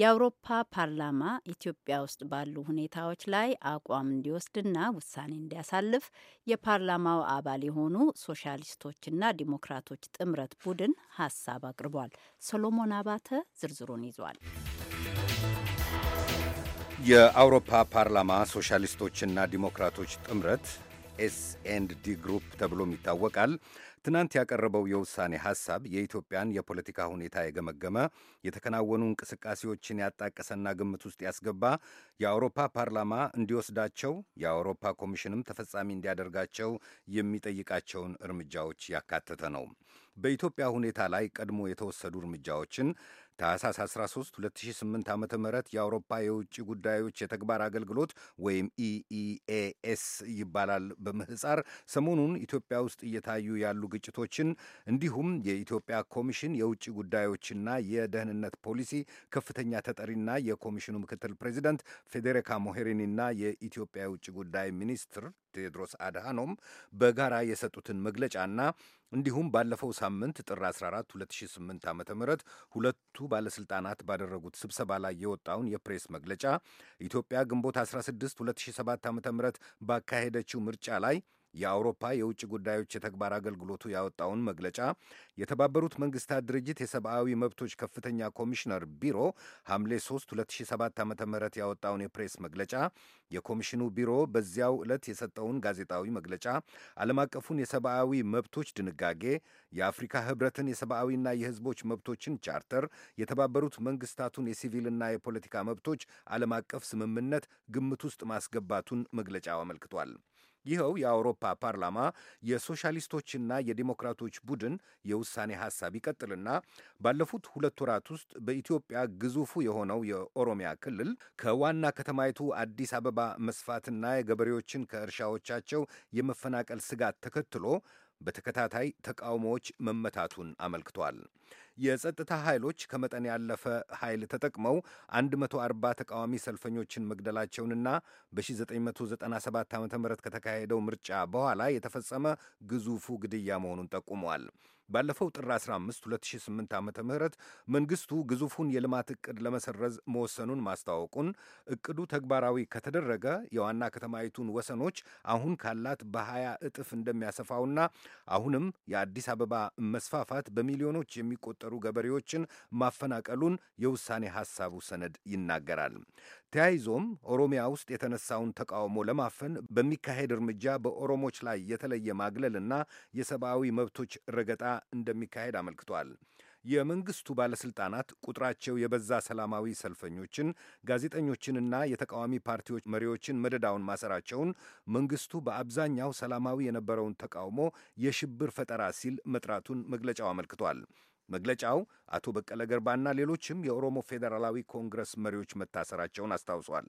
የአውሮፓ ፓርላማ ኢትዮጵያ ውስጥ ባሉ ሁኔታዎች ላይ አቋም እንዲወስድና ውሳኔ እንዲያሳልፍ የፓርላማው አባል የሆኑ ሶሻሊስቶችና ዲሞክራቶች ጥምረት ቡድን ሀሳብ አቅርቧል። ሰሎሞን አባተ ዝርዝሩን ይዟል። የአውሮፓ ፓርላማ ሶሻሊስቶችና ዲሞክራቶች ጥምረት ኤስ ኤንድ ዲ ግሩፕ ተብሎም ይታወቃል። ትናንት ያቀረበው የውሳኔ ሐሳብ የኢትዮጵያን የፖለቲካ ሁኔታ የገመገመ የተከናወኑ እንቅስቃሴዎችን ያጣቀሰና ግምት ውስጥ ያስገባ የአውሮፓ ፓርላማ እንዲወስዳቸው የአውሮፓ ኮሚሽንም ተፈጻሚ እንዲያደርጋቸው የሚጠይቃቸውን እርምጃዎች ያካተተ ነው። በኢትዮጵያ ሁኔታ ላይ ቀድሞ የተወሰዱ እርምጃዎችን ታህሳስ 13 2008 ዓ ም የአውሮፓ የውጭ ጉዳዮች የተግባር አገልግሎት ወይም ኢኢኤኤስ e e ይባላል በምህፃር ሰሞኑን ኢትዮጵያ ውስጥ እየታዩ ያሉ ግጭቶችን እንዲሁም የኢትዮጵያ ኮሚሽን የውጭ ጉዳዮችና የደህንነት ፖሊሲ ከፍተኛ ተጠሪና የኮሚሽኑ ምክትል ፕሬዚዳንት ፌዴሪካ ሞሄሪኒና የኢትዮጵያ የውጭ ጉዳይ ሚኒስትር ቴድሮስ አድሃኖም በጋራ የሰጡትን መግለጫና እንዲሁም ባለፈው ሳምንት ጥር 14 2008 ዓ ም ሁለቱ ባለሥልጣናት ባደረጉት ስብሰባ ላይ የወጣውን የፕሬስ መግለጫ ኢትዮጵያ ግንቦት 16 2007 ዓ ም ባካሄደችው ምርጫ ላይ የአውሮፓ የውጭ ጉዳዮች የተግባር አገልግሎቱ ያወጣውን መግለጫ የተባበሩት መንግስታት ድርጅት የሰብአዊ መብቶች ከፍተኛ ኮሚሽነር ቢሮ ሐምሌ 3 2007 ዓ ም ያወጣውን የፕሬስ መግለጫ የኮሚሽኑ ቢሮ በዚያው ዕለት የሰጠውን ጋዜጣዊ መግለጫ ዓለም አቀፉን የሰብአዊ መብቶች ድንጋጌ የአፍሪካ ህብረትን የሰብአዊና የህዝቦች መብቶችን ቻርተር የተባበሩት መንግስታቱን የሲቪልና የፖለቲካ መብቶች ዓለም አቀፍ ስምምነት ግምት ውስጥ ማስገባቱን መግለጫው አመልክቷል። ይኸው የአውሮፓ ፓርላማ የሶሻሊስቶችና የዲሞክራቶች ቡድን የውሳኔ ሐሳብ ይቀጥልና ባለፉት ሁለት ወራት ውስጥ በኢትዮጵያ ግዙፉ የሆነው የኦሮሚያ ክልል ከዋና ከተማይቱ አዲስ አበባ መስፋትና የገበሬዎችን ከእርሻዎቻቸው የመፈናቀል ስጋት ተከትሎ በተከታታይ ተቃውሞዎች መመታቱን አመልክቷል። የጸጥታ ኃይሎች ከመጠን ያለፈ ኃይል ተጠቅመው 140 ተቃዋሚ ሰልፈኞችን መግደላቸውንና በ1997 ዓ ም ከተካሄደው ምርጫ በኋላ የተፈጸመ ግዙፉ ግድያ መሆኑን ጠቁመዋል። ባለፈው ጥር 15 2008 ዓ ም መንግስቱ ግዙፉን የልማት እቅድ ለመሰረዝ መወሰኑን ማስታወቁን፣ እቅዱ ተግባራዊ ከተደረገ የዋና ከተማይቱን ወሰኖች አሁን ካላት በሀያ እጥፍ እንደሚያሰፋውና አሁንም የአዲስ አበባ መስፋፋት በሚሊዮኖች የሚቆጠሩ ገበሬዎችን ማፈናቀሉን የውሳኔ ሐሳቡ ሰነድ ይናገራል። ተያይዞም ኦሮሚያ ውስጥ የተነሳውን ተቃውሞ ለማፈን በሚካሄድ እርምጃ በኦሮሞች ላይ የተለየ ማግለልና የሰብአዊ መብቶች ረገጣ እንደሚካሄድ አመልክቷል። የመንግስቱ ባለስልጣናት ቁጥራቸው የበዛ ሰላማዊ ሰልፈኞችን፣ ጋዜጠኞችንና የተቃዋሚ ፓርቲዎች መሪዎችን መደዳውን ማሰራቸውን መንግስቱ በአብዛኛው ሰላማዊ የነበረውን ተቃውሞ የሽብር ፈጠራ ሲል መጥራቱን መግለጫው አመልክቷል። መግለጫው አቶ በቀለ ገርባና ሌሎችም የኦሮሞ ፌዴራላዊ ኮንግረስ መሪዎች መታሰራቸውን አስታውሷል።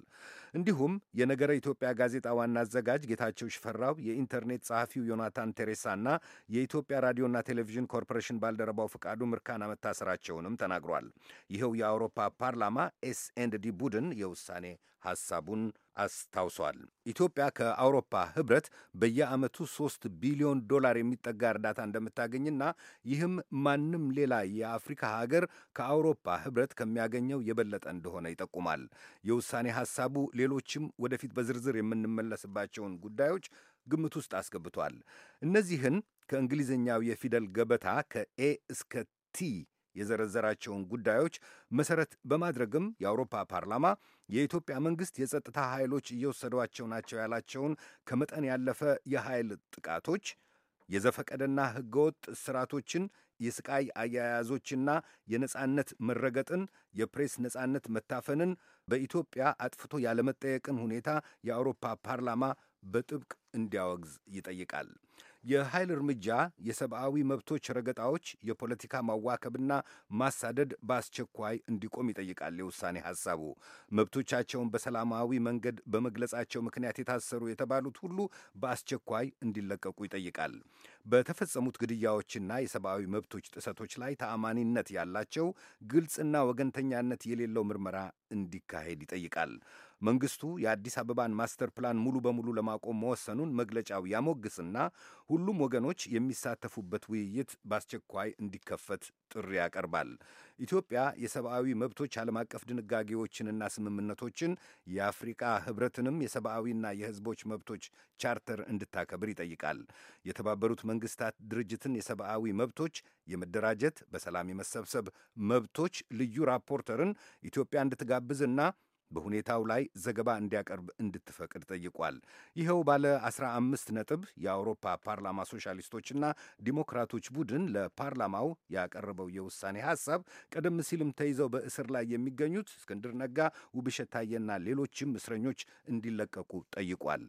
እንዲሁም የነገረ ኢትዮጵያ ጋዜጣ ዋና አዘጋጅ ጌታቸው ሽፈራው፣ የኢንተርኔት ጸሐፊው ዮናታን ቴሬሳና የኢትዮጵያ ራዲዮና ቴሌቪዥን ኮርፖሬሽን ባልደረባው ፍቃዱ ምርካና መታሰራቸውንም ተናግሯል። ይኸው የአውሮፓ ፓርላማ ኤስ ኤንድ ዲ ቡድን የውሳኔ ሐሳቡን አስታውሷል። ኢትዮጵያ ከአውሮፓ ህብረት በየዓመቱ ሶስት ቢሊዮን ዶላር የሚጠጋ እርዳታ እንደምታገኝና ይህም ማንም ሌላ የአፍሪካ ሀገር ከአውሮፓ ህብረት ከሚያገኘው የበለጠ እንደሆነ ይጠቁማል። የውሳኔ ሐሳቡ ሌሎችም ወደፊት በዝርዝር የምንመለስባቸውን ጉዳዮች ግምት ውስጥ አስገብቷል። እነዚህን ከእንግሊዝኛው የፊደል ገበታ ከኤ እስከ ቲ የዘረዘራቸውን ጉዳዮች መሰረት በማድረግም የአውሮፓ ፓርላማ የኢትዮጵያ መንግስት የጸጥታ ኃይሎች እየወሰዷቸው ናቸው ያላቸውን ከመጠን ያለፈ የኃይል ጥቃቶች፣ የዘፈቀደና ህገወጥ እስራቶችን፣ የስቃይ አያያዞችና የነጻነት መረገጥን፣ የፕሬስ ነጻነት መታፈንን፣ በኢትዮጵያ አጥፍቶ ያለመጠየቅን ሁኔታ የአውሮፓ ፓርላማ በጥብቅ እንዲያወግዝ ይጠይቃል። የኃይል እርምጃ የሰብአዊ መብቶች ረገጣዎች፣ የፖለቲካ ማዋከብና ማሳደድ በአስቸኳይ እንዲቆም ይጠይቃል። የውሳኔ ሐሳቡ መብቶቻቸውን በሰላማዊ መንገድ በመግለጻቸው ምክንያት የታሰሩ የተባሉት ሁሉ በአስቸኳይ እንዲለቀቁ ይጠይቃል። በተፈጸሙት ግድያዎችና የሰብአዊ መብቶች ጥሰቶች ላይ ተአማኒነት ያላቸው ግልጽና ወገንተኛነት የሌለው ምርመራ እንዲካሄድ ይጠይቃል። መንግስቱ የአዲስ አበባን ማስተር ፕላን ሙሉ በሙሉ ለማቆም መወሰኑን መግለጫው ያሞግስና ሁሉም ወገኖች የሚሳተፉበት ውይይት በአስቸኳይ እንዲከፈት ጥሪ ያቀርባል። ኢትዮጵያ የሰብአዊ መብቶች ዓለም አቀፍ ድንጋጌዎችንና ስምምነቶችን የአፍሪቃ ህብረትንም የሰብአዊና የህዝቦች መብቶች ቻርተር እንድታከብር ይጠይቃል። የተባበሩት መንግስታት ድርጅትን የሰብአዊ መብቶች የመደራጀት፣ በሰላም የመሰብሰብ መብቶች ልዩ ራፖርተርን ኢትዮጵያ እንድትጋብዝና በሁኔታው ላይ ዘገባ እንዲያቀርብ እንድትፈቅድ ጠይቋል። ይኸው ባለ 15 ነጥብ የአውሮፓ ፓርላማ ሶሻሊስቶችና ዲሞክራቶች ቡድን ለፓርላማው ያቀረበው የውሳኔ ሐሳብ ቀደም ሲልም ተይዘው በእስር ላይ የሚገኙት እስክንድር ነጋ፣ ውብሸት ታዬና ሌሎችም እስረኞች እንዲለቀቁ ጠይቋል።